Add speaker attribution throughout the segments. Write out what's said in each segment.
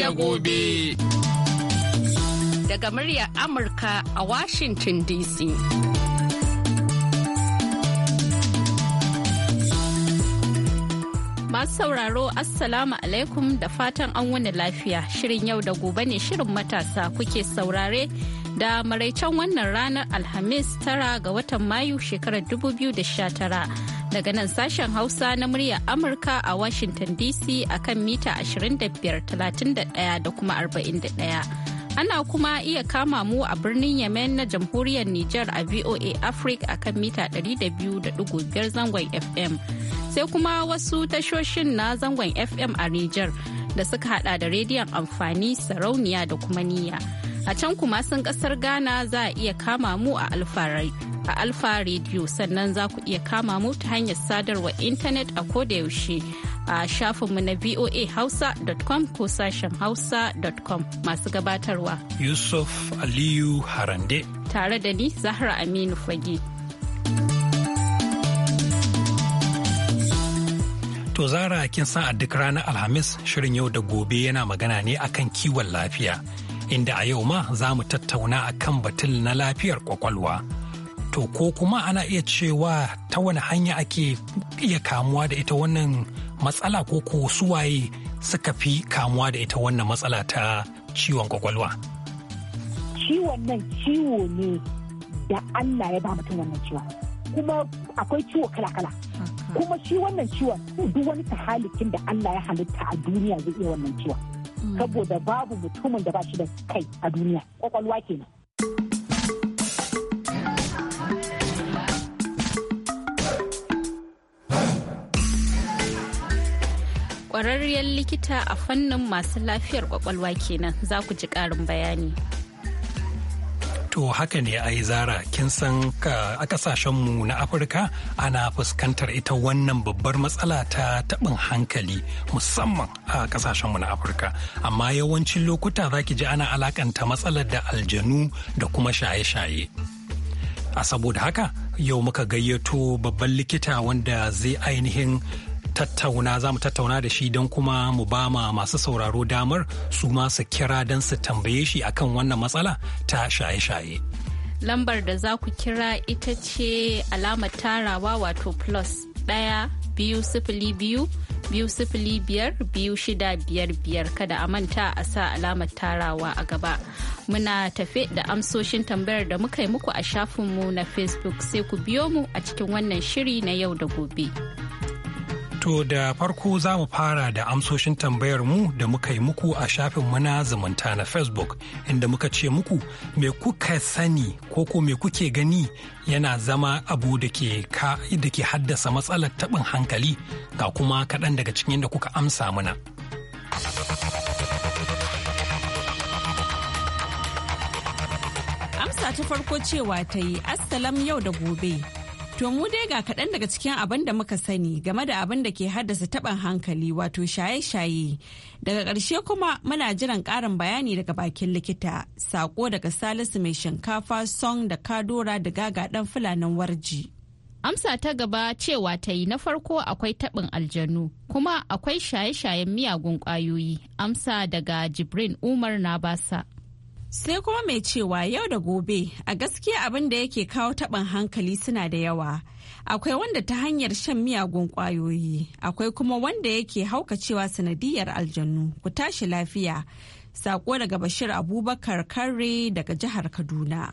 Speaker 1: da gobe. Daga muryar Amurka a Washington DC. Masu sauraro Assalamu alaikum da fatan an wani lafiya shirin yau da gobe ne shirin matasa kuke saurare da maraicen wannan ranar Alhamis tara ga watan Mayu shekarar 2019. daga nan sashen Hausa na murya Amurka a Washington DC akan mita 25,31 da kuma 41. Ana kuma iya kama mu a birnin Yemen na jamhuriyar Nijar a VOA Africa akan mita 200.5 zangon FM. Sai kuma wasu tashoshin na zangon FM a Nijar da suka hada da rediyon amfani sarauniya da kuma niya A can kuma sun kasar Ghana za a iya kama mu a alfarai. a Alfa Radio sannan za ku iya kama mu ta hanyar sadarwa intanet a kodayaushe a shafinmu na voa hausa.com ko sashen hausa.com masu gabatarwa.
Speaker 2: Yusuf Aliyu Harande.
Speaker 1: Tare da ni Zahra Aminu Fage.
Speaker 2: To Zara kin san a duk ranar Alhamis shirin yau da gobe yana magana ne akan kiwon lafiya. Inda a yau ma za mu tattauna akan batun na lafiyar kwakwalwa. to ko kuma ana iya cewa ta wani hanya ake iya kamuwa da ita wannan matsala ko ko suwaye suka fi kamuwa da ita wannan matsala ta ciwon kwakwalwa
Speaker 3: ciwon nan ciwo ne da Allah ya ba mutum wannan ciwon kuma akwai ciwo kala-kala mm-hmm. kuma shi wannan ciwon duk wani tahalikin da Allah ya halitta a duniya zai iya wannan ciwon mm. saboda babu mutumin da ba shi da kai a duniya kwakwalwa kenan
Speaker 1: kwararriyar likita a fannin masu lafiyar kwakwalwa kenan za ku ji ƙarin bayani.
Speaker 2: To haka ne a yi zara kin san a ƙasashenmu na Afirka ana fuskantar ita wannan babbar matsala ta taɓin hankali musamman a ƙasashenmu na Afirka. Amma yawancin lokuta za ki ji ana alakanta matsalar da aljanu da kuma shaye-shaye. A saboda haka yau muka gayyato babban likita wanda zai ainihin tattauna za mu tattauna da shi don kuma mu ba ma masu sauraro damar su ma su kira don su tambaye shi akan wannan matsala ta shaye-shaye.
Speaker 1: Lambar da za ku kira ita ce alamar tarawa wato plus ɗaya biyu sifili biyu biyu sifili biyar biyu shida biyar biyar kada a manta a sa alamar tarawa a gaba muna tafe da amsoshin tambayar da muka yi muku a shafinmu na facebook sai ku biyo mu a cikin wannan shiri na yau da gobe.
Speaker 2: To da farko za mu fara da amsoshin tambayar mu da muka yi muku a shafin muna zumunta na Facebook inda muka ce muku me kuka sani ko ko me kuke gani yana zama abu da ke haddasa matsalar taɓin hankali ga kuma kaɗan daga cikin yadda kuka amsa mana.
Speaker 1: Amsa ta farko cewa ta yi Assalam yau da gobe. To mu dai ga kaɗan daga cikin abin da muka sani game da abin da ke haddasa taɓin hankali wato shaye-shaye. Daga ƙarshe kuma muna jiran ƙarin bayani daga bakin likita. saƙo daga Salisu mai shinkafa song da kadora da gaga ɗan fulanin warji. Amsa ta gaba cewa ta yi na farko akwai taɓin aljanu kuma akwai shaye-shayen miyagun ƙwayoyi. Amsa daga Jibrin Umar na basa. Sai kuma mai cewa yau da gobe a gaskiya abin da yake kawo taɓin hankali suna da yawa. Akwai wanda ta hanyar shan miyagun ƙwayoyi, akwai kuma wanda yake haukacewa sanadiyar aljannu ku tashi lafiya. Sako daga Bashir Abubakar Karre daga jihar Kaduna.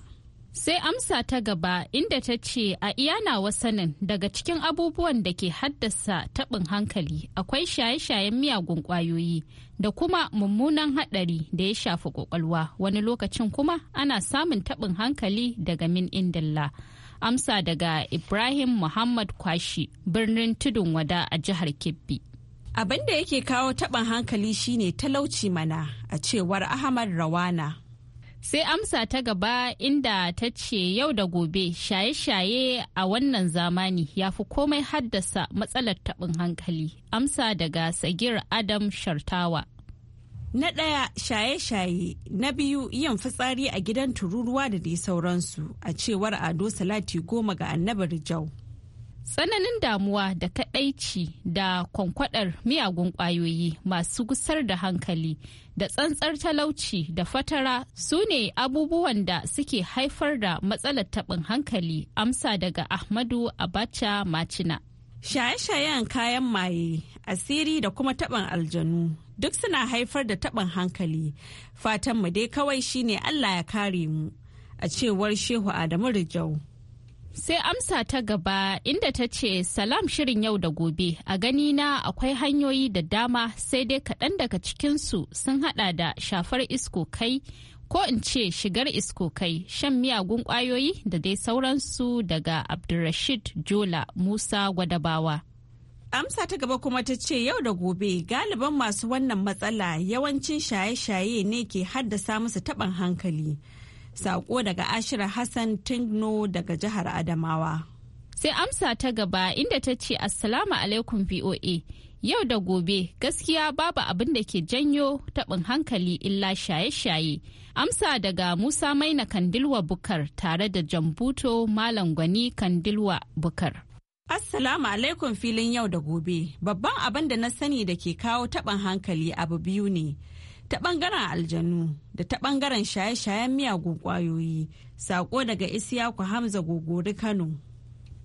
Speaker 1: Sai amsa ta gaba inda ta ce a iya nawa sanin daga cikin abubuwan da ke haddasa taɓin hankali akwai shaye-shayen miyagun ƙwayoyi da kuma mummunan haɗari da ya shafi ƙwaƙwalwa wani lokacin kuma ana samun taɓin hankali daga min indilla. Amsa daga Ibrahim Muhammad Kwashi birnin Tudun Wada a jihar Kebbi. Abin da yake kawo taɓin hankali shine talauci mana a cewar Ahmad Rawana. sai amsa ta gaba inda ta ce yau da gobe shaye-shaye a wannan zamani ya fi komai haddasa matsalar taɓin hankali amsa daga sagir adam shartawa na ɗaya shaye-shaye na biyu yin fitsari a gidan tururuwa da dai sauransu a cewar ado salati goma ga annabar jau tsananin damuwa da kadaici da kwankwaɗar miyagun kwayoyi masu gusar da hankali da tsantsar talauci da fatara su ne abubuwan da suke haifar da matsalar taɓin hankali amsa daga ahmadu abacha macina shaye-shayen kayan maye asiri da kuma taɓin aljanu duk suna haifar da taɓin hankali fatan mu dai kawai shine allah ya kare mu a cewar shehu adamu rijau Sai amsa ta gaba inda ta ce salam shirin yau da gobe a gani na akwai hanyoyi da dama sai dai kaɗan daga cikinsu sun haɗa da shafar isko kai ko in ce shigar isko kai shan miyagun ƙwayoyi da dai sauransu daga Abdulrashid Jola Musa Gwadabawa. amsa ta gaba kuma ta ce yau da gobe galiban masu wannan matsala yawancin shaye-shaye ne ke haddasa musu taɓin hankali Sako daga Ashira Hassan Tingno daga jihar Adamawa. Sai amsa ta gaba inda ta ce Assalamu alaikum VOA. Yau da gobe gaskiya babu abin da ke janyo tabin hankali illa shaye-shaye. Amsa daga Musa Maina Kandilwa Bukar tare da Jambuto Malam Gwani Kandilwa Bukar. Assalamu alaikum filin yau da gobe. Babban abin da na sani da ke kawo taɓin hankali abu biyu ne. ta bangaren aljanu da ta bangaren shaye-shayen miyagun kwayoyi sako daga isiyaku hamza gogori kano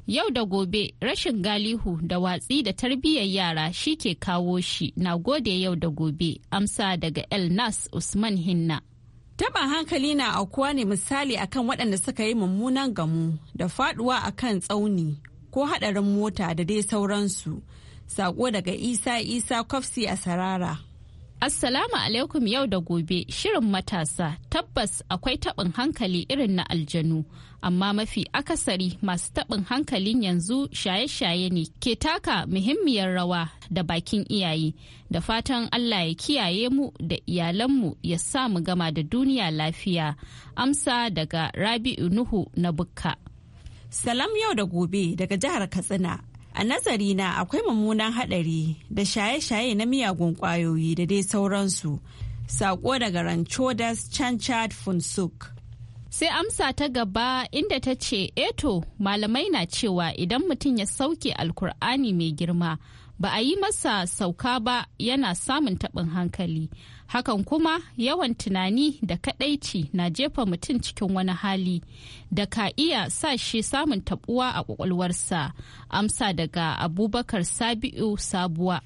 Speaker 1: yau da gobe rashin galihu da watsi da tarbiyyar yara shi ke kawo shi na gode yau da gobe amsa daga el nas usman hinna taba hankali na akuwa ne misali akan waɗanda suka yi mummunan gamu da faɗuwa akan tsauni ko haɗarin mota da dai sauransu. Sako daga Isa Isa Kwafsi a Sarara. Assalamu alaikum yau da gobe shirin matasa tabbas akwai taɓin hankali irin na aljanu amma mafi akasari masu taɓin hankalin yanzu shaye-shaye ne ke taka muhimmiyar rawa da bakin iyaye da fatan Allah ya kiyaye mu da iyalanmu ya sa mu gama da duniya lafiya amsa daga Rabi'u Nuhu na Bukka. Salam yau da gobe daga jihar Katsina. A nazari na akwai mummunan hadari da shaye-shaye na miyagun kwayoyi da dai sauransu. Sako daga Ranchodas Chanchad Funsuk. Sai amsa ta gaba inda ta ce, Eto, malamai na cewa idan mutum ya sauke alkur'ani mai girma, ba a yi masa sauka ba yana samun taɓin hankali. hakan kuma yawan tunani da kadaici na jefa mutum cikin wani hali da ka iya sa shi samun tabuwa a kwakwalwarsa amsa daga abubakar sabi'u sabuwa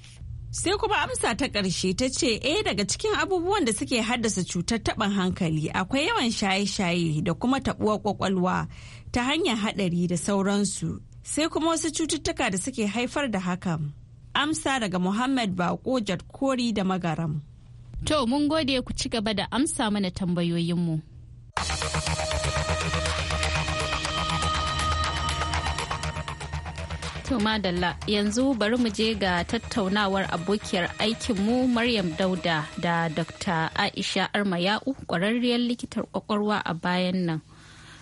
Speaker 1: sai kuma amsa ta ƙarshe ta ce e daga cikin abubuwan da suke haddasa cutar taɓin hankali akwai yawan shaye-shaye da kuma taɓuwar kwakwalwa ta hanyar haɗari da sauransu sai kuma wasu cututtuka da suke haifar da hakan amsa daga muhammad bako jadkori da magaram To mun gode ku ci gaba da amsa mana tambayoyinmu. To madalla yanzu bari mu je ga tattaunawar abokiyar aikinmu Maryam Dauda da Dr. Aisha Armayau kwararriyar likitar kwakwalwa a bayan nan.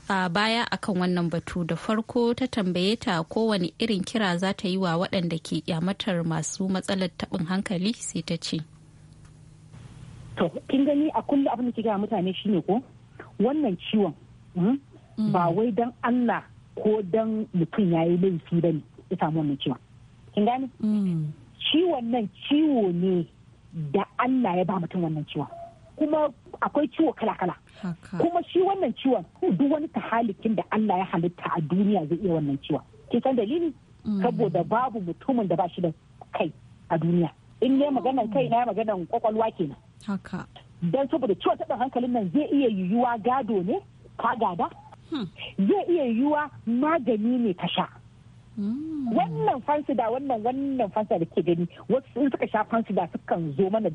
Speaker 1: a baya akan wannan batu da farko ta tambaye ta kowane irin kira za ta yi wa waɗanda ke kyamatar masu matsalar taɓin hankali sai ta ce.
Speaker 3: to kin gani a kullum abin da ke gaya mutane shine ko wannan ciwon hmm? mm. ba wai dan Allah ko dan mutum ya yi laifi ba ne ya samu wannan ciwon kin gani mm. ciwon nan ciwo ne da Allah ya ba mutum wannan ciwon kuma akwai ciwo kala-kala kuma shi wannan ciwon hmm, duk wani tahalikin da Allah ya halitta a duniya zai iya wannan ciwon kin san dalili mm. saboda babu mutumin da ba shi da kai a duniya in ne maganan kai na maganan kwakwalwa kenan Haka. Don saboda ciwon taɓin hankalin nan zai iya yiwuwa gado ne, ka gada? Hmm. Zai iya yiwuwa magani ne ka sha. Hmm. Wannan fansida wannan wannan fansida da ke gani wasu sun suka sha fansida sukan zo mana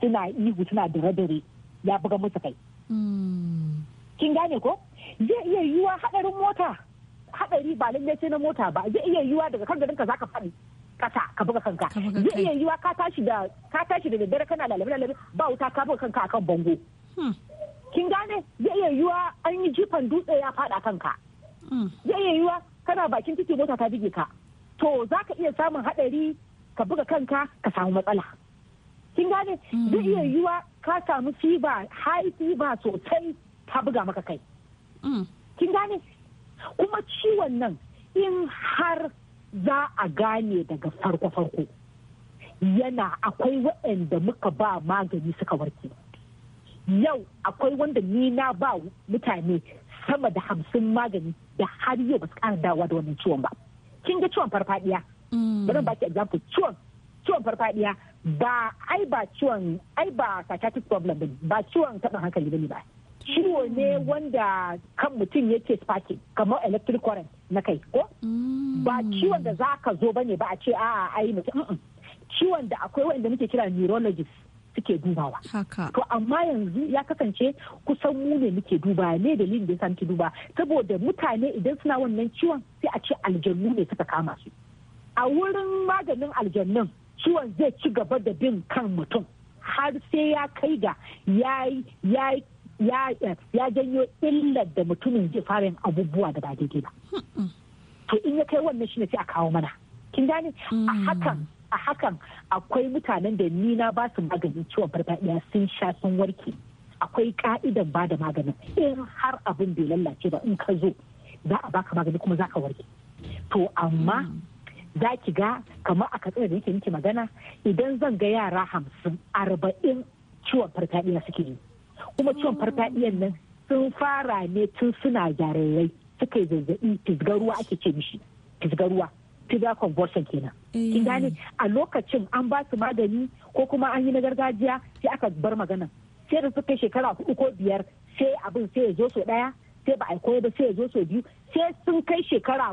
Speaker 3: suna ihu suna dare-dare ya buga musu kai. Hmm. Kin gane ko? Zai iya yiwuwa haɗarin mota. Haɗari ba lallai sai na mota ba zai iya yiwuwa daga kan garin ka zaka faɗi. kasa ka buga kanka zai iya yiwa ka tashi da ka tashi da daddare kana ba wuta ka buga kanka akan bango hmm. kin gane zai iya yiwa an yi jifan dutse ya fada kanka hmm. zai iya yiwa kana bakin titi mota ta bige ka to za ka iya samun hadari ka buga kanka ka samu matsala kin gane hmm. zai iya yiwa ka samu fiba high fiba sosai ta buga maka kai kin gane kuma ciwon nan in har za a gane daga farko-farko yana akwai waɗanda muka ba magani suka warke yau akwai wanda ni na ba mutane sama da hamsin magani da har yau ba su ƙara dawa da wannan ciwon ba kin ga ciwon farfadiya mm. bari ba ki example ciwon ciwon farfadiya ba ai ba ciwon ai ba psychiatric problem ba ciwon taɓin hankali bane ba ciwo ne wanda kan mutum yake sparking kamar electric current na kai ko mm. ba ciwon da za ka zo bane ba a ce a'a ai mutum ciwon da akwai wanda muke kira neurologist suke dubawa to amma yanzu ya kasance kusan mu ne muke duba ne lin da muke duba saboda mutane idan suna wannan ciwon sai a ce aljannu ne suka kama su a wurin maganin aljannun ciwon zai ci gaba da bin kan mutum har sai ya kai ga ya ya janyo illar da mutumin ji fara yin abubuwa da ba daidai ba to in ya kai wannan shi ne sai a kawo mana kin gane a hmm. hakan a hakan akwai mutanen da ni na ba su maganin ciwon farfadiya sun sha sun warke akwai ka'idan ba da maganin in har abin bai lallace ba in ka zo za a baka magani kuma za ka warke to amma hmm. za ki ga kamar a katsina da yake miki magana idan zan ga yara hamsin arba'in ciwon farfadiya suke yi kuma ciwon farfadiyan nan sun fara ne tun suna jarirai suka yi zazzabi tizgaruwa ake ce mishi tizgaruwa tiza convulsion kenan eh. kin gane a lokacin an ba su magani ko kuma an yi na gargajiya sai aka bar magana sai da suka shekara hudu ko biyar sai abin sai ya zo so daya sai ba a koya ba sai ya zo so biyu sai sun kai shekara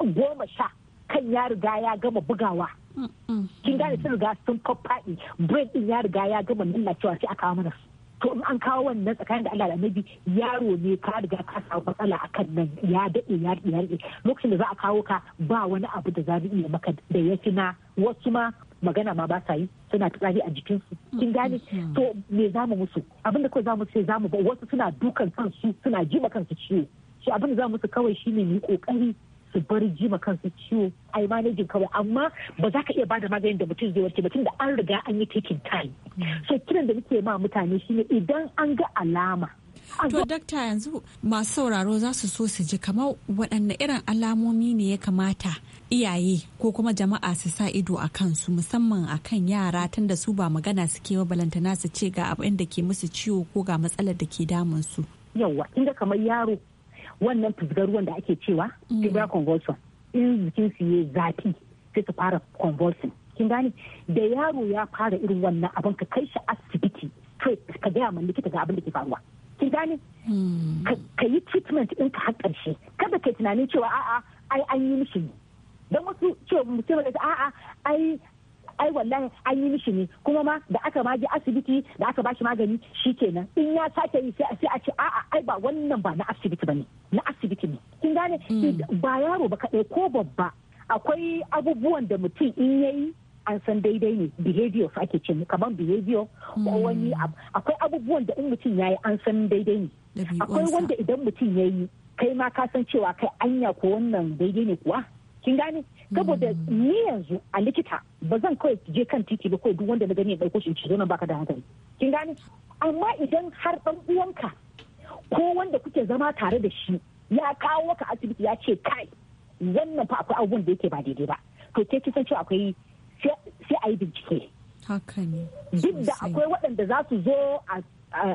Speaker 3: goma sha kan ya riga ya gama bugawa mm, mm. kin gane sun riga sun faffaɗi brain din ya riga ya gama nuna cewa sai aka mana su to in an kawo wannan tsakanin da Allah da Annabi yaro ne ka riga ka samu matsala akan nan ya dade ya dade ya dade lokacin da za a kawo ka ba wani abu da za iya maka da ya na wasu ma magana ma ba sa yi suna tsari a su kin gane mm-hmm. to me za mu musu abinda kawai za mu ce za mu ba wasu suna dukan kansu suna jima kansu ciwo shi abin da za mu musu kawai shine mu kokari su bar ma kansu ciwo a yi manajin kawai amma ba za ka iya ba da maganin da mutum zai warke ba tun da an riga an yi taking time mm. so kiran da muke ma mutane shine idan an ga alama
Speaker 1: To dakta yanzu masu sauraro za su so su ji kamar waɗanne irin alamomi ne ya kamata iyaye ko kuma jama'a su sa ido a kansu musamman a kan yara tun su ba magana suke wa balantana su ce ga abin da ke musu ciwo ko ga matsalar da ke damun su.
Speaker 3: Yawwa inda kamar yaro wannan fuzgar ruwan da ake cewa mm. fibra convulsion in jikin su yi zafi sai su fara convulsion kin gane da yaro ya fara irin wannan abin ka kai shi asibiti ka gaya ma likita ga abin da ke faruwa kin gane mm. ka yi treatment in ka har karshe kada kai tunanin cewa a'a ai an yi mishi dan wasu cewa mutum da a'a ai ai wannan an yi mishi ne kuma ma da aka ma je asibiti da aka bashi magani shi shikenan in ya sake yi sai a ce a'a ai ba wannan ba na asibiti bane na asibiti ne kin gane hmm. ba yaro ba kaɗai ko babba akwai abubuwan da mutum in yayi an san daidai ne behavior ake ce kamar behavior ko hmm. wani akwai abubuwan da in mutum yayi an san daidai ne akwai wanda idan mutum yayi kai ma ka san cewa kai anya ko wannan daidai ne kuwa kin gane saboda mm. ni yanzu a likita ba zan kawai je kan titi ba kawai duk wanda na gani ya ɗauko shi zo nan baka da hankali kin gani amma idan har ɗan uwanka ko wanda kuke zama tare da shi ya kawo ka asibiti ya ce kai wannan fa akwai abubuwan da yake ba daidai ba to ke kisan cewa akwai sai a yi bincike duk da akwai waɗanda za su zo a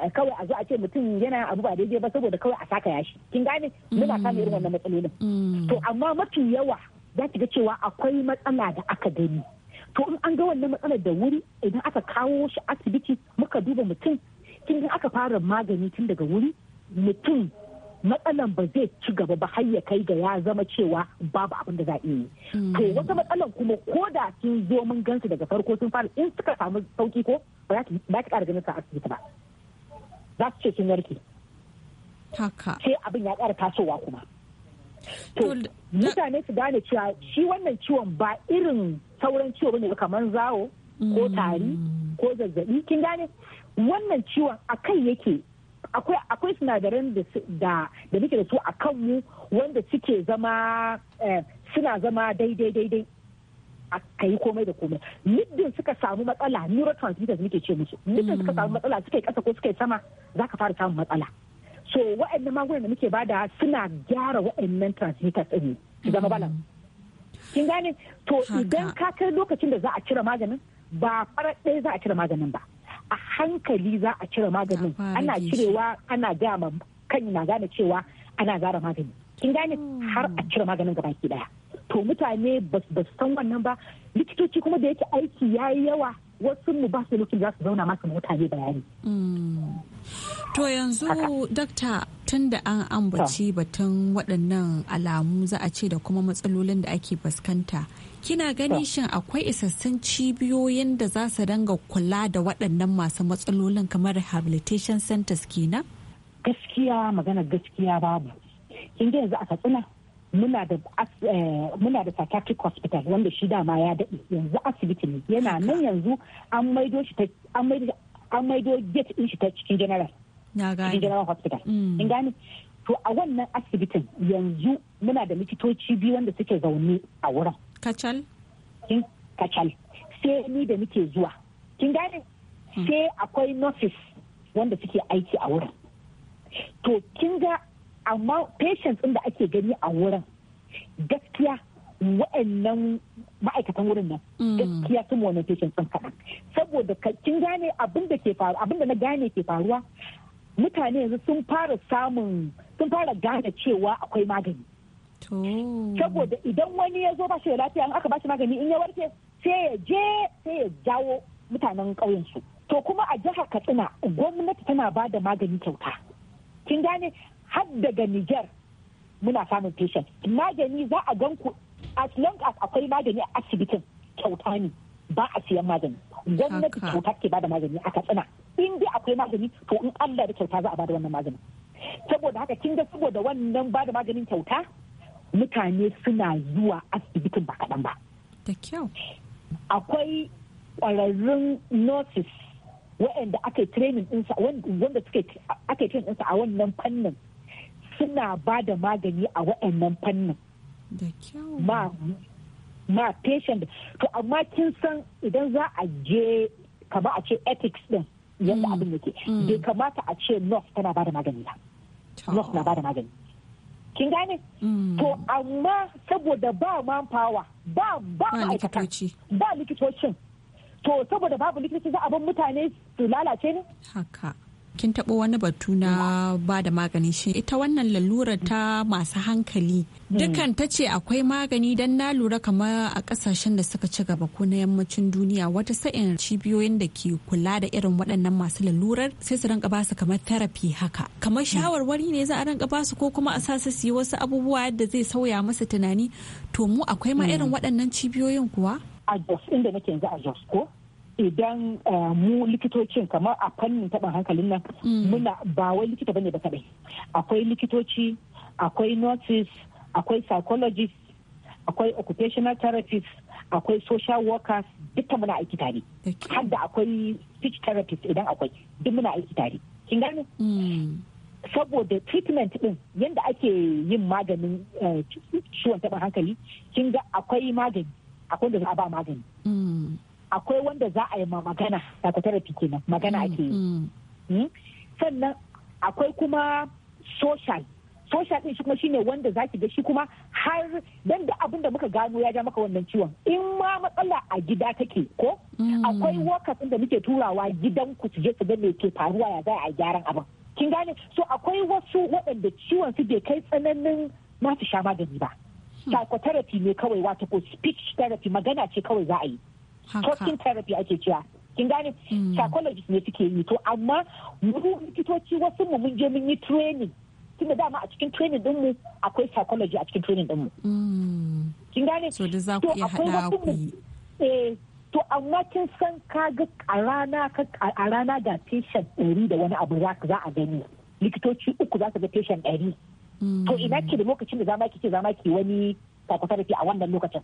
Speaker 3: kawai a zo a ce mutum yana abu ba daidai ba saboda kawai a saka yashi kin gane muna samun irin mm. wannan matsalolin mm. to amma mafi yawa za ki ga cewa akwai matsala da aka gani to in an ga wannan matsalar da wuri idan aka kawo shi asibiti muka duba mutum kin aka fara magani tun daga wuri mutum matsalan ba zai ci gaba ba har ya kai ga ya zama cewa babu abin da za a yi. Hmm. To wata matsalan kuma ko da sun zo mun gansu daga farko sun fara in suka samu sauki ko ba za ki ƙara ganin sa asibiti ba. Za su ce kin warke. Sai abin ya ƙara tasowa kuma. to mutane su gane cewa shi wannan ciwon ba irin sauran ciwo bane kamar zawo ko mm. tari ko zazzabi kin gane wannan ciwon akai yake akwai akwai sinadaran da muke da su a kanmu wanda suke zama eh, suna zama daidai daidai a kai komai da komai muddin suka samu matsala neurotransmitters muke ce musu muddin suka samu mm. matsala suka yi kasa ko suka yi sama zaka fara samun matsala so wa'annan magungunan da muke bada suna gyara wa'annan transmitters ɗin su zama bala? Mm-hmm. kin gane to idan ka kai lokacin da za a cire maganin ba farar ɗaya za a cire maganin ba a hankali za a cire maganin ana cirewa ana gama kan na gane cewa ana gara magani kin gane mm. har a cire maganin gaba ki daya to mutane ba su san wannan ba likitoci kuma da yake aiki yayi yawa wasu mu ba su lokacin za su zauna masu mutane bayani.
Speaker 1: Mm. To yanzu dakta tun da an ambaci batun waɗannan alamu za a ce da kuma matsalolin da ake fuskanta. Kina gani shin akwai isassun cibiyoyin da za su danga kula da waɗannan masu matsalolin kamar rehabilitation centers kenan? Gaskiya magana gaskiya babu.
Speaker 3: Kin ga yanzu a Katsina muna da eh, muna da psychiatric hospital wanda shi dama ya daɗe yanzu asibiti ne yana nan yanzu an maido shi an maido gate din shi ta cikin general cikin general hospital mm. in gane to a wannan asibitin yanzu muna da likitoci biyu wanda suke zaune a wurin kacal kacal sai ni da muke zuwa kin gane mm. sai akwai nurses wanda suke aiki a wurin to kin ga amma patients ɗin da ake gani a wurin gaskiya wa'annan ma'aikatan wurin nan mm. gaskiya sun wannan patients ɗin kaɗan saboda kin gane abinda na gane ke faruwa mutane yanzu sun fara samun sun fara gane cewa akwai magani saboda idan wani ya zo ba shi da lafiya in aka ba shi magani in ya warke sai ya je sai ya jawo mutanen ƙauyen su to kuma a jihar katsina gwamnati tana ba da magani kyauta kin gane har daga Niger muna samun patient magani za a gan ku as long as akwai magani a asibitin kyauta ne ba a siyan magani gwamnati kyauta ke bada magani a katsina in dai akwai magani to in Allah da kyauta za a bada wannan magani saboda haka kin ga saboda wannan bada maganin kyauta mutane suna zuwa asibitin ba kaɗan ba da kyau akwai ƙwararrun nurses waɗanda aka yi training ɗinsa wanda suke aka yi training ɗinsa a wannan fannin suna ba da magani a waɗannan fannin ma ma patient to amma kin san idan za a je kama a ce ethics din yadda mm. abin yake mm. bai kamata a ce nurse tana ba da magani ba nurse na ba da magani kin gane mm. to amma saboda ba man power ba ba likitoci ba likitocin to saboda babu likitoci za a bar mutane su
Speaker 1: lalace ne haka kin taɓo wani batu na ba da magani shi ita wannan lalura ta masu hankali dukan ta ce akwai magani don na lura kamar a kasashen da suka ci gaba ko na yammacin duniya wata sa'in cibiyoyin da ke kula da irin waɗannan masu lalurar sai su rinka basu kamar therapy haka kamar shawarwari ne za a rinka basu ko kuma a sa su yi wasu abubuwa yadda zai sauya masa tunani to mu akwai ma mm. irin waɗannan cibiyoyin kuwa
Speaker 3: a Jos inda nake yanzu a Jos ko idan eh, mu likitocin kamar a fannin taɓin hankalin nan mm. muna ba wai likita bane ba kaɗai akwai likitoci akwai nurses akwai psychologist akwai occupational therapist akwai social workers duka muna aiki tare har da akwai speech therapist idan akwai duk muna aiki tare kin gane mm. saboda treatment din yadda ake yin maganin eh, ciwon taɓin hankali kin ga akwai magani akwai da za a ba magani mm. akwai wanda za a yi ma magana psychotherapy kenan magana ake yi mm. hmm? sannan akwai kuma social social din shi kuma shine wanda za ki ga shi kuma har dan da abin da muka gano ya ja maka wannan ciwon in ma matsala a gida take ko mm. akwai workers da muke turawa gidan ku su je su ga me ke faruwa ya za a gyaran abin kin gane so akwai wasu waɗanda ciwon su bai kai tsananin ma su sha magani ba hmm. psychotherapy ne kawai wato ko speech therapy magana ce kawai za a yi talking therapy ake cewa kin gane mm. psychologist ne suke yi to amma mu likitoci wasu mu mun je mun yi training tunda dama a cikin training din mu akwai psychology a cikin training din mu mm. kin gane so da za ku iya hada ku eh to amma kin san ka ga a rana a rana da patient ɗari da wani abu za a gani likitoci uku za su ga patient ɗari to ina mm. ke da lokacin da ma ki ce ma ki wani psychotherapy a wannan lokacin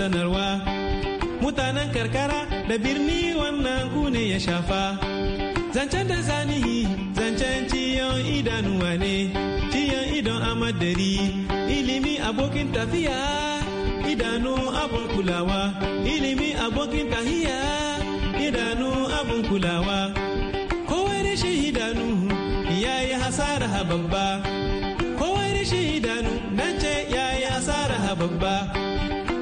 Speaker 4: sanarwa mutanen karkara da birni wannan ku ne ya shafa zancen da zanihi zancen ciyon idanuwa ne ciyon idon amadari ilimi abokin tafiya idanu abun kulawa ilimi abokin tahiya idanu abun kulawa kowai shi idanu ya yi hasara babba kowai shi idanu nan ce ya yi hasara babba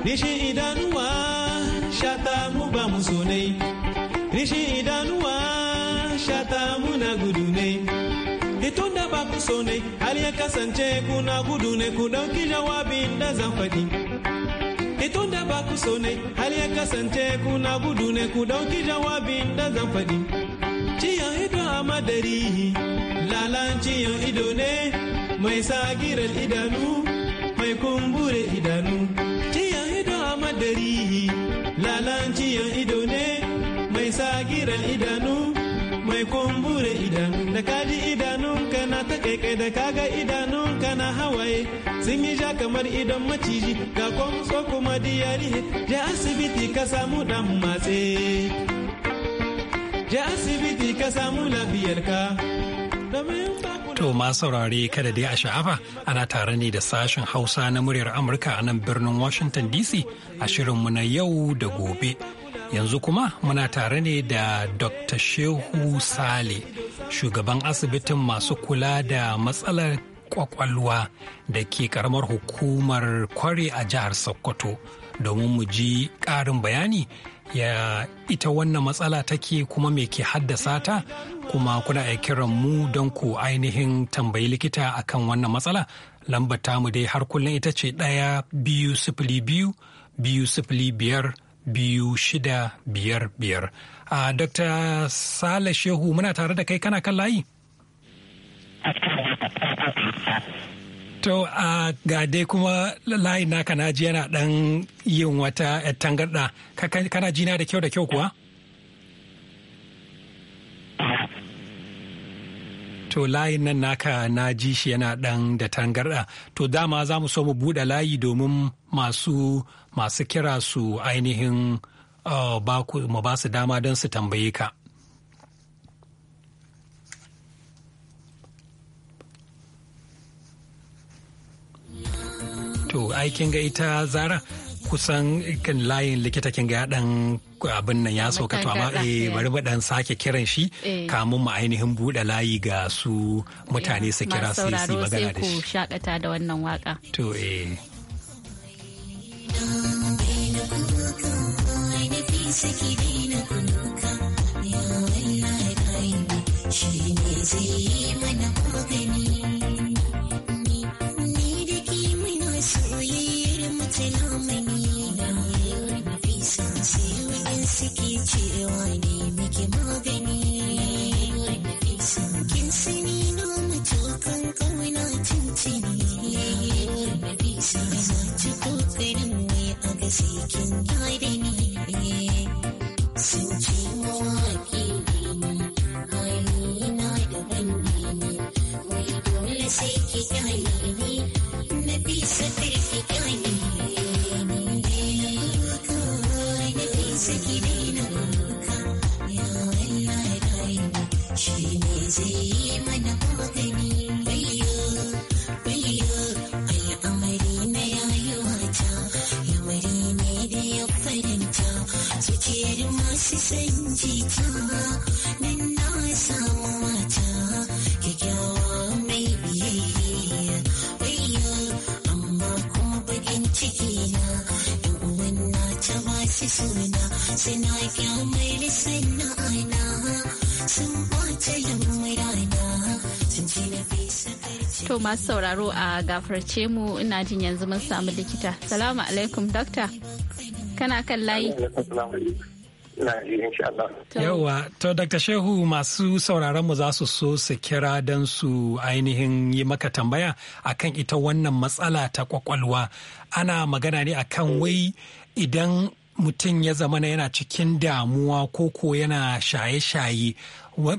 Speaker 4: rishin idanuwa shata mu ba mu sonai rishin idanuwa shata muna gudu ne itun da ba ku sonai har ya kasance kuna gudu ne ku dauki jawabin da zan faɗi itun da ba ku sonai har ya kasance kuna gudu ne ku dauki jawabin da zan faɗi ciyan ido a madari lalan ciyan ido ne mai sagirar idanu mai kumbure idanu hadari lalanciyan ido ne mai sagiran idanu mai kumbure idanu da kaji idanu kana ta kaikai da kaga idanu kana hawaye sun yi ja kamar idon maciji ga kwamso kuma diyarihe je asibiti ka samu dan matse je asibiti ka samu labiyarka.
Speaker 2: To ma saurare kada dai a sha'afa ana tare ne da sashen Hausa na muryar Amurka a nan birnin Washington DC a shirinmu na yau da gobe. Yanzu kuma muna tare ne da Dr. Shehu Sale, shugaban asibitin masu kula da matsalar kwakwalwa da ke karamar hukumar kware a jihar Sokoto domin mu ji ƙarin bayani ya ita wannan matsala take kuma me ke haddasa ta kuma kuna iya kiran mu don ku ainihin tambayi likita akan wannan matsala lambar tamu dai har kullum ita ce ɗaya biyu sifili biyu biyu sifili biyar biyu shida biyar biyar a dr sale shehu muna tare da kai kana kan layi To a ga dai kuma layin naka na ji yana ɗan yin wata eh, tangarɗa, kana jina da kyau da kyau kuwa? To layin nan naka na ji shi yana dan da tangarɗa. To dama za mu so mu buɗe layi domin masu masu kira su ainihin uh, mu ba su dama don su tambaye ka. To aikin ga ita zara kusan kan layin likita kin ga ɗan abin nan ya sauka to amma eh bari ba dan sake kiran shi eh. kamun mu ainihin bude layi ga su mutane su kira su
Speaker 1: yi magana da shi shakata da wannan waka to eh
Speaker 5: Thank suna suna aina sun rana sun ci na
Speaker 1: To masu sauraro a gafarce mu ina jin yanzu mun samu likita. Salamu alaikum dokta. Kana kan layi?
Speaker 6: Yauwa,
Speaker 2: to Dr. Shehu masu sauraron mu za su so su kira don su ainihin yi maka tambaya akan ita wannan matsala ta kwakwalwa. Ana magana ne akan wai idan mutum ya zama yana cikin damuwa ko ko yana shaye-shaye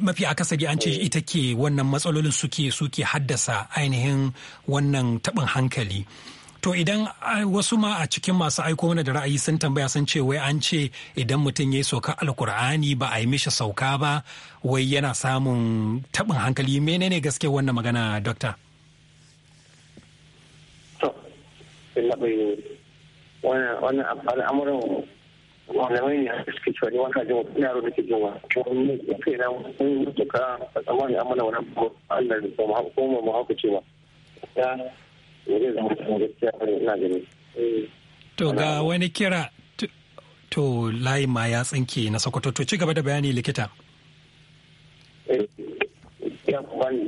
Speaker 2: mafi akasari an ce eh. ita ke wannan matsalolin suke suke haddasa ainihin wannan taɓin hankali to idan wasu ma a cikin masu aiko mana da ra'ayi sun tambaya sun ce wai an ce idan mutum ya yi sauka alkur'ani ba a yi mishi sauka ba wai yana samun taɓin hankali menene gaske wannan magana dokta
Speaker 6: Wani al'amuran malamai ne a suke cewa ne wata jin wani yaro da ke jin wa wani ya kai na wani duka a tsammani an mana wani allah da kuma kuma mu haka cewa ya ne zai zama kuma gaskiya ne ina gani.
Speaker 2: to ga wani kira to layi ma ya tsinke na sokoto to ci gaba da bayani likita.
Speaker 6: Eh, ya ban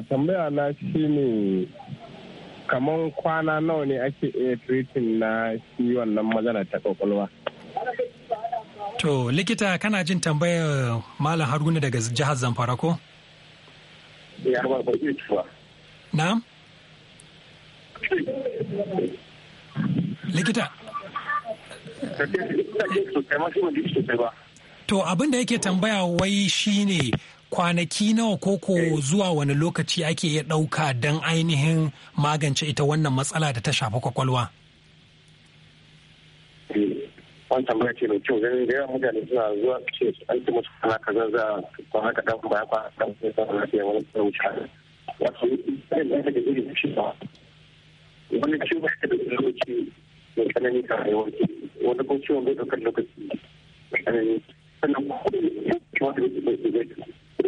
Speaker 6: tambaya tambaya na shine kamar kwana nawa ne ake iya treating na shi wannan magana ta kwakwalwa
Speaker 2: to likita kana jin tambayar malam haruna daga jihar zamfara ko
Speaker 6: Na? likita
Speaker 2: To abin da yake tambaya wai shine kwanaki nawa koko eh. zuwa wani lokaci ake iya ɗauka don ainihin magance ita wannan matsala da ta shafi kwakwalwa?
Speaker 6: Eh, wani tambaya ce mai kyau zai da yawan mutane suna zuwa ce an musu kana kaza za ko haka dan ba ba dan sai ta lafiya wani tsaro ta wato irin da take da shi ba wani ciwo da da lokaci mai tsanani ka rayuwar ki wani ko ciwon bai ɗaukar lokaci mai tsanani sannan da zai zai zai zai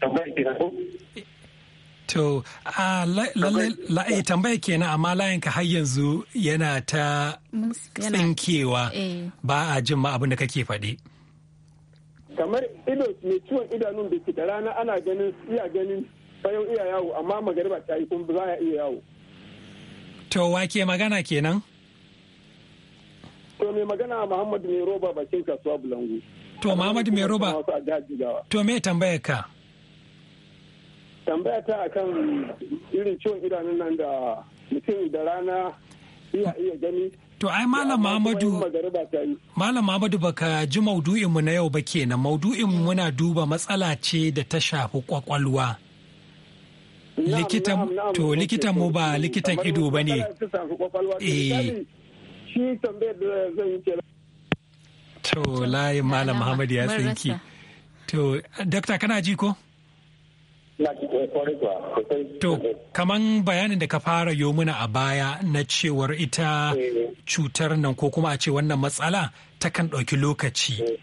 Speaker 6: To, kenan ko
Speaker 2: To, la'ai tambaye eh, kenan amma layinka har yanzu yana ta tsinkewa eh. ba a jin ma abin da kake faɗi.
Speaker 6: Kamar ido mai ciwon idanun da ke da rana ana ganin iya ganin bayan iya yawo amma magariba ta yi kun za a iya yawo.
Speaker 2: To, wake magana kenan?
Speaker 6: To, mai magana Muhammadu Meroba roba bakin kasuwa Bulangu. To, Muhammadu Meroba. roba?
Speaker 2: To, me tambayar ka?
Speaker 6: tambaya ta akan irin ciwon idanun nan da mutum da rana iya iya gani To ai Malam Muhammadu
Speaker 2: Malam Muhammadu baka ji maudu'in mu na yau ba kenan maudu'in muna duba matsala ce da ta shafi kwakwalwa.
Speaker 6: Likitan to likitan mu ba likitan ido ba ne. Eh. Shi da yi
Speaker 2: To layin Malam Muhammadu ya tsinki. To dakta kana ji ko?
Speaker 6: To,
Speaker 2: kaman bayanin da ka fara yo muna a baya na cewar ita cutar nan ko kuma a ce wannan matsala ta kan ɗauki lokaci.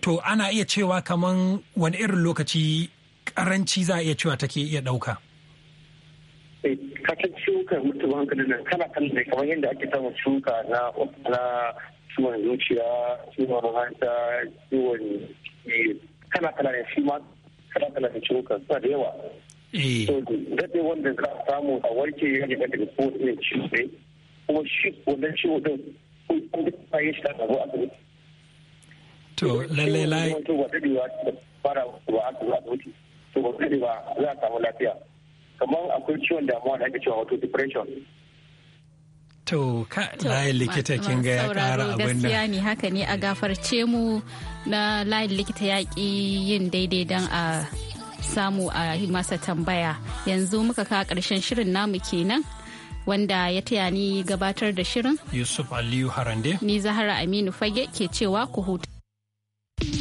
Speaker 2: To, ana iya cewa kaman wani irin lokaci karanci za a iya cewa take iya ɗauka.
Speaker 6: Eh, Kasan ciwukan mutum hankali nan kana kan da kamar yadda ake samun ciwuka na ciwon zuciya, ciwon hanta, ciwon eh, kana kana ne shi ma kana kana da ciwuka suna da yawa to daɗe wanda za a samu a warke ya ne daga kowace irin ciwo ne kuma shi wannan ciwo din kun kuma ya shi ta zo a gaba
Speaker 2: to lalle lai
Speaker 6: to ba daɗewa fara ba a zo a wuce to ba daɗewa za a samu lafiya kamar akwai ciwon damuwa da ake cewa wato depression
Speaker 2: to ka
Speaker 1: layin likita kin ga ya kara abin nan ne haka ne a gafarce mu na layin likita ya ki yin daidai dan a samu a masa tambaya yanzu muka kawo karshen shirin namu kenan wanda ya taya ni gabatar da shirin
Speaker 5: yusuf aliyu harande
Speaker 1: ni zahara aminu fage ke cewa ku huta